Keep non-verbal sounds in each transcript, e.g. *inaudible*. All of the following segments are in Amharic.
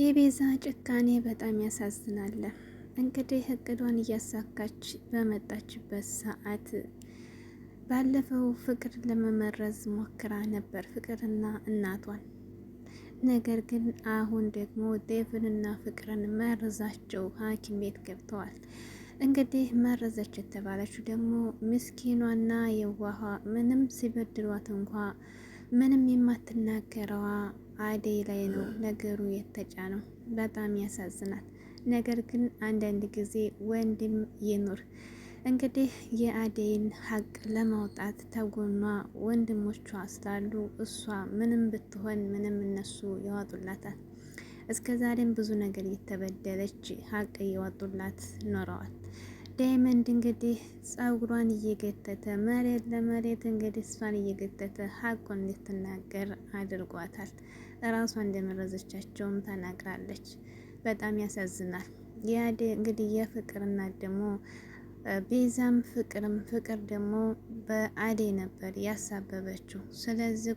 የቤዛ ጭካኔ በጣም ያሳዝናል። እንግዲህ እቅዷን እያሳካች በመጣችበት ሰዓት ባለፈው ፍቅር ለመመረዝ ሞክራ ነበር ፍቅርና እናቷን። ነገር ግን አሁን ደግሞ ዴቭንና ፍቅርን መርዛቸው ሐኪም ቤት ገብተዋል። እንግዲህ መረዘች የተባለችው ደግሞ ምስኪኗና የዋሃ ምንም ሲበድሏት እንኳ ምንም የማትናገረዋ አደይ ላይ ነው ነገሩ የተጫነው። በጣም ያሳዝናል። ነገር ግን አንዳንድ ጊዜ ወንድም ይኑር። እንግዲህ የአደይን ሀቅ ለማውጣት ተጎኗ ወንድሞቿ ስላሉ እሷ ምንም ብትሆን ምንም እነሱ ያወጡላታል። እስከ ዛሬም ብዙ ነገር እየተበደለች ሀቅ እየዋጡላት ኖረዋል። ዳይመንድ እንግዲህ ጸጉሯን እየገተተ መሬት ለመሬት እንግዲህ እሷን እየገተተ ሀቁን እንድትናገር አድርጓታል። እራሷ እንደመረዘቻቸውም ተናግራለች። በጣም ያሳዝናል። ያ እንግዲህ የፍቅርና ደግሞ ቤዛም ፍቅርም ፍቅር ደግሞ በአዴ ነበር ያሳበበችው። ስለዚህ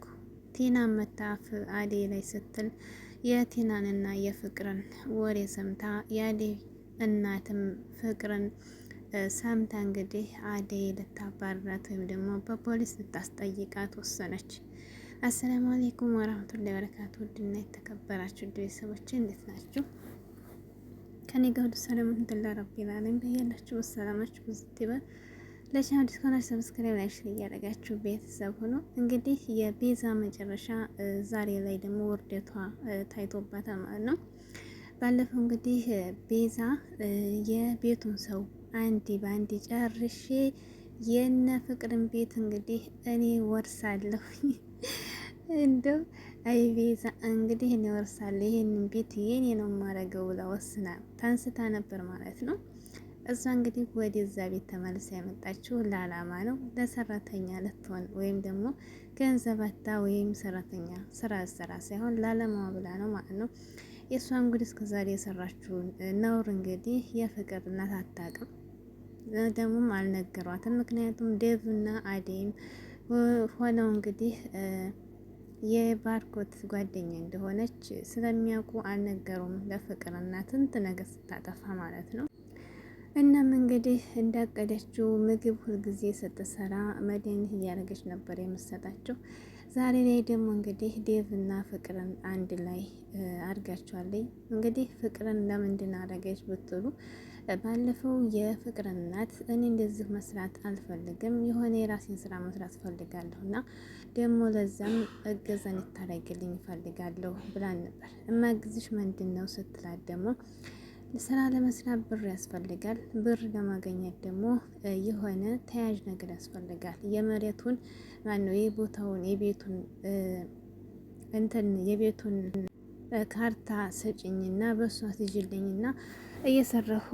ቲና መታፍ አዴ ላይ ስትል የቲናንና የፍቅርን ወሬ ሰምታ የአዴ እናትም ፍቅርን ሰምታ እንግዲህ አደይ ልታባርራት ወይም ደግሞ በፖሊስ ልታስጠይቃት ወሰነች። አሰላሙ አሌይኩም ወራህመቱላሂ ወበረካቱ ውድና የተከበራችሁ ቤተሰቦች እንዴት ናችሁ? ከኔ ጋር ሁሉ ሰላም እንድላ ረቢል ዓለም በያላችሁ ሰላማችሁ ፖዚቲቭ ለቻናል ዲስኮናች ሰብስክራይብ ላይ ሽር እያደረጋችሁ ቤተሰብ ሆኖ እንግዲህ የቤዛ መጨረሻ ዛሬ ላይ ደግሞ ውርደቷ ታይቶባታል ማለት ነው። ባለፈው እንግዲህ ቤዛ የቤቱን ሰው አንድ ባንድ ጨርሼ የነ ፍቅርን ቤት እንግዲህ እኔ ወርሳለሁ። እንደው አይ ቤዛ እንግዲህ እኔ ወርሳለሁ ይሄን ቤት የኔ ነው ማረገው ብላ ወስና ታንስታ ነበር ማለት ነው። እሷ እንግዲህ ወደዛ ቤት ተመልሳ ያመጣችው ለዓላማ ነው። ለሰራተኛ ልትሆን ወይም ደግሞ ገንዘባታ ወይም ሰራተኛ ስራ ስራ ሳይሆን ለዓላማዋ ብላ ነው ማለት ነው። የእሷ እንግዲህ እስከዛሬ የሰራችውን ነውር እንግዲህ የፍቅር እናት አታውቅም። ደግሞም አልነገሯትም። ምክንያቱም ዴቭ እና አዴም ሆነው እንግዲህ የባርኮት ጓደኛ እንደሆነች ስለሚያውቁ አልነገሩም። ለፍቅር ትንት ነገር ስታጠፋ ማለት ነው። እናም እንግዲህ እንዳቀደችው ምግብ ሁልጊዜ ስትሰራ መድኃኒት እያደረገች ነበር የምትሰጣቸው። ዛሬ ላይ ደግሞ እንግዲህ ዴቭና ፍቅርን አንድ ላይ አድርጋቸዋለኝ። እንግዲህ ፍቅርን ለምንድን አደረገች ብትሉ ባለፈው የፍቅር እናት እኔ እንደዚህ መስራት አልፈልግም፣ የሆነ የራሴን ስራ መስራት እፈልጋለሁ እና ደግሞ ለዛም እገዛ እንድታደርጊልኝ እፈልጋለሁ ብላን ነበር። እማግዝሽ ምንድን ነው ስትላት ደግሞ ስራ ለመስራት ብር ያስፈልጋል። ብር ለማገኘት ደግሞ የሆነ ተያዥ ነገር ያስፈልጋል። የመሬቱን ማነው የቦታውን የቤቱን እንትን የቤቱን ካርታ ሰጭኝና በእሷ ትጅልኝና እየሰራሁ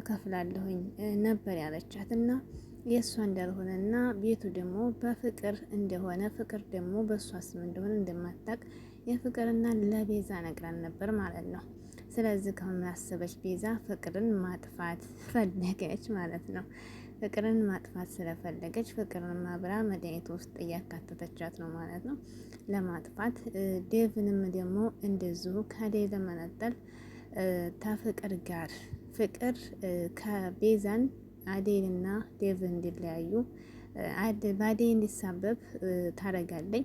እከፍላለሁኝ ነበር ያለቻት እና የእሷ እንዳልሆነ እና ቤቱ ደግሞ በፍቅር እንደሆነ ፍቅር ደግሞ በእሷ ስም እንደሆነ እንደማታቅ የፍቅርና ለቤዛ ነግራን ነበር ማለት ነው። ስለዚህ ከምን ቤዛ ፍቅርን ማጥፋት ፈለገች ማለት ነው። ፍቅርን ማጥፋት ስለፈለገች ፍቅርን ማብራ መድኃኒት ውስጥ እያካተተቻት ነው ማለት ነው ለማጥፋት ዴቭንም ደግሞ እንደዚሁ ከዴ ለመነጠል ከፍቅር ጋር ፍቅር ከቤዛን አዴንና ዴቭ እንዲለያዩ በአዴ እንዲሳበብ ታደርጋለች።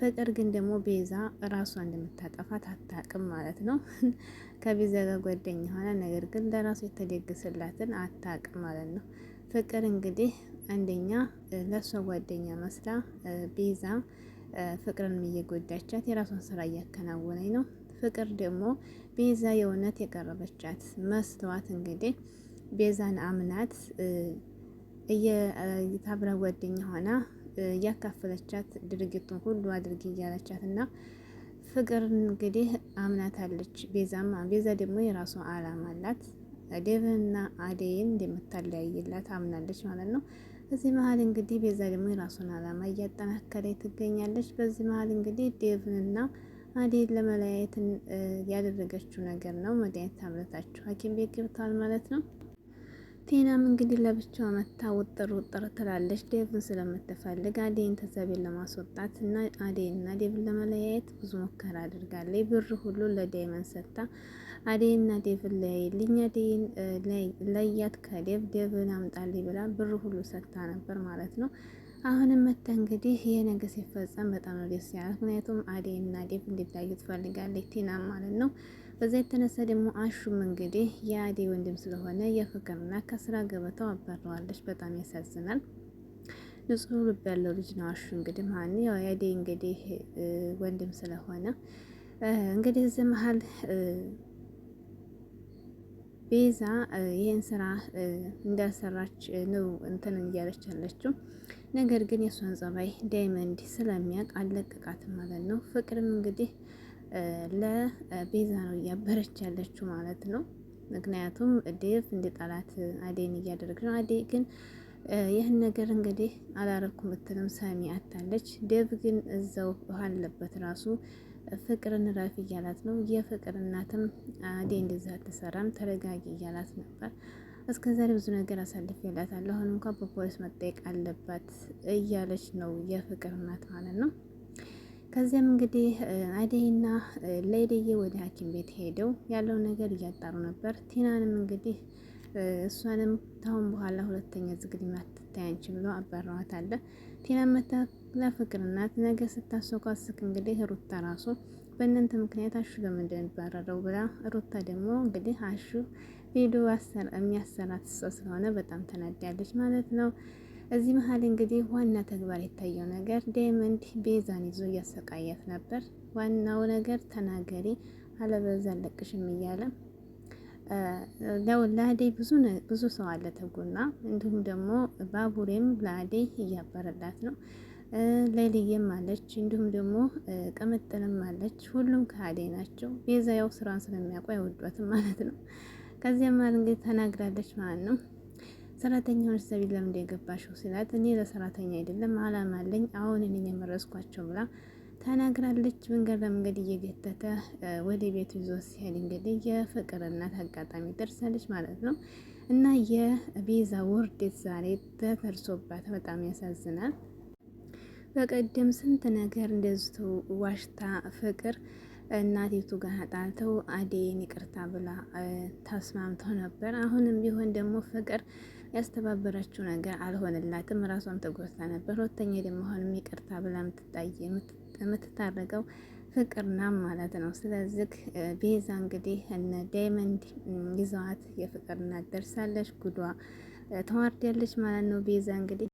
ፍቅር ግን ደግሞ ቤዛ ራሷ እንደምታጠፋት አታቅም ማለት ነው። *laughs* ከቤዛ ጋር ጓደኛ የሆነ ነገር ግን ለራሱ የተደግስላትን አታቅም ማለት ነው። ፍቅር እንግዲህ አንደኛ ለእሷ ጓደኛ መስላ ቤዛ ፍቅርን እየጎዳቻት የራሷን ስራ እያከናወነኝ ነው። ፍቅር ደግሞ ቤዛ የእውነት የቀረበቻት መስተዋት እንግዲህ ቤዛን አምናት የታብረ ጓደኛ ሆና እያካፈለቻት ድርጊቱን ሁሉ አድርጊ እያለቻት እና ፍቅር እንግዲህ አምናታለች። ቤዛማ ቤዛ ደግሞ የራሷ አላማ አላት። ዴቭና አዴይን እንደምታለያይላት አምናለች ማለት ነው። በዚህ መሀል እንግዲህ ቤዛ ደግሞ የራሱን አላማ እያጠናከረ ትገኛለች። በዚህ መሀል እንግዲህ ዴቭንና አዴን ለመለያየትን ያደረገችው ነገር ነው። መድኃኒት ታብለታችሁ ሐኪም ቤት ገብቷል ማለት ነው። ቴናም እንግዲህ ለብቻው መታ ውጥር ውጥር ትላለች ዴቭን ስለምትፈልግ አዴን ተዘቤን ለማስወጣት እና አዴንና ዴቭን ለመለያየት ብዙ ሙከራ አድርጋለች። ብር ሁሉ ለዳይመንድ ሰጥታ አዴንና ዴቭን ለያይልኝ፣ አዴን ለያት ከዴቭ ዴቭን አምጣልኝ ብላ ብር ሁሉ ሰጥታ ነበር ማለት ነው። አሁንም መታ እንግዲህ ይሄ ነገር ሲፈጸም በጣም ነው ደስ ያለ። ምክንያቱም አዴ እና ዴቭ እንዲለያዩ ትፈልጋለች ቲና ማለት ነው። በዛ የተነሳ ደግሞ አሹም እንግዲህ የአደይ ወንድም ስለሆነ የፍቅርና ከስራ ገበታው አባረዋለች። በጣም ያሳዝናል። ንጹህ ልብ ያለው ልጅ ነው አሹ እንግዲህ ማን ያው የአደይ እንግዲህ ወንድም ስለሆነ እንግዲህ እዚህ መሀል ቤዛ ይህን ስራ እንዳሰራች ነው እንትን እያለች ያለችው። ነገር ግን የእሷን ጸባይ ዳይመንድ ስለሚያውቅ አለቅቃት ማለት ነው። ፍቅርም እንግዲህ ለቤዛ ነው እያበረች ያለችው ማለት ነው። ምክንያቱም ዴቭ እንደ ጠላት አዴን እያደረገ ነው። አዴ ግን ይህን ነገር እንግዲህ አላረኩም ብትልም ሳሚ አታለች። ደብ ግን እዛው ባለበት ራሱ ፍቅርን ረፍ እያላት ነው። የፍቅር እናትም አዴ እንደዛ አትሰራም ተረጋጊ እያላት ነበር። እስከ ዛሬ ብዙ ነገር አሳልፍ ይላታል። አሁን እንኳ በፖሊስ መጠየቅ አለባት እያለች ነው የፍቅር እናት ማለት ነው። ከዚያም እንግዲህ አዴይና ለይደዬ ወደ ሐኪም ቤት ሄደው ያለው ነገር እያጣሩ ነበር። ቲናንም እንግዲህ እሷንም ታሁን በኋላ ሁለተኛ ዝግድም አትታያንች ብሎ አባረዋት አለ ቴና መታ ለፍቅር እናት ነገ ስክ እንግዲህ ሩታ ራሱ በእናንተ ምክንያት አሹ ለምን እንደሚባረረው ብላ ሩታ ደግሞ እንግዲህ አሹ ቪዲዮ የሚያሰራት እሷ ስለሆነ በጣም ተናዳለች ማለት ነው። እዚህ መሀል እንግዲህ ዋና ተግባር የታየው ነገር ዳይመንድ ቤዛን ይዞ እያሰቃያት ነበር። ዋናው ነገር ተናገሪ አለበዛ ለቅሽም እያለ ለአደይ ብዙ ሰው አለ ተጎና፣ እንዲሁም ደግሞ ባቡሬም ለአደይ እያበረላት ነው። ለልየም አለች፣ እንዲሁም ደግሞ ቅምጥልም አለች። ሁሉም ከአደይ ናቸው። ቤዛ ያው ስራን ስለሚያውቁ አይወዷትም ማለት ነው። ከዚያም ማለት እንግዲህ ተናግራለች ማለት ነው። ሰራተኛውን ሰቢል ለምንድ የገባሽው ሲላት፣ እኔ ለሰራተኛ አይደለም አላማ አለኝ አሁን እኔ የመረስኳቸው ብላ ተናግራለች። መንገድ ለመንገድ እየገተተ ወደ ቤቱ ይዞ ሲሄድ እንግዲህ የፍቅር እናት አጋጣሚ ደርሳለች ማለት ነው። እና የቤዛ ውርደት ዛሬ ተፈርሶባት በጣም ያሳዝናል። በቀደም ስንት ነገር እንደዚቱ ዋሽታ ፍቅር እናቲቱ ጋር ጣልተው አዴን ይቅርታ ብላ ተስማምተው ነበር። አሁንም ቢሆን ደግሞ ፍቅር ያስተባበረችው ነገር አልሆነላትም። ራሷም ተጎድታ ነበር። ሁለተኛ ደግሞ አሁንም ይቅርታ ብላ የምትጣይ የምትታረቀው ፍቅርና ማለት ነው። ስለዚህ ቤዛ እንግዲህ እነ ዳይመንድ ይዘዋት የፍቅርና ደርሳለች። ጉዷ ተዋርዳለች ማለት ነው። ቤዛ እንግዲህ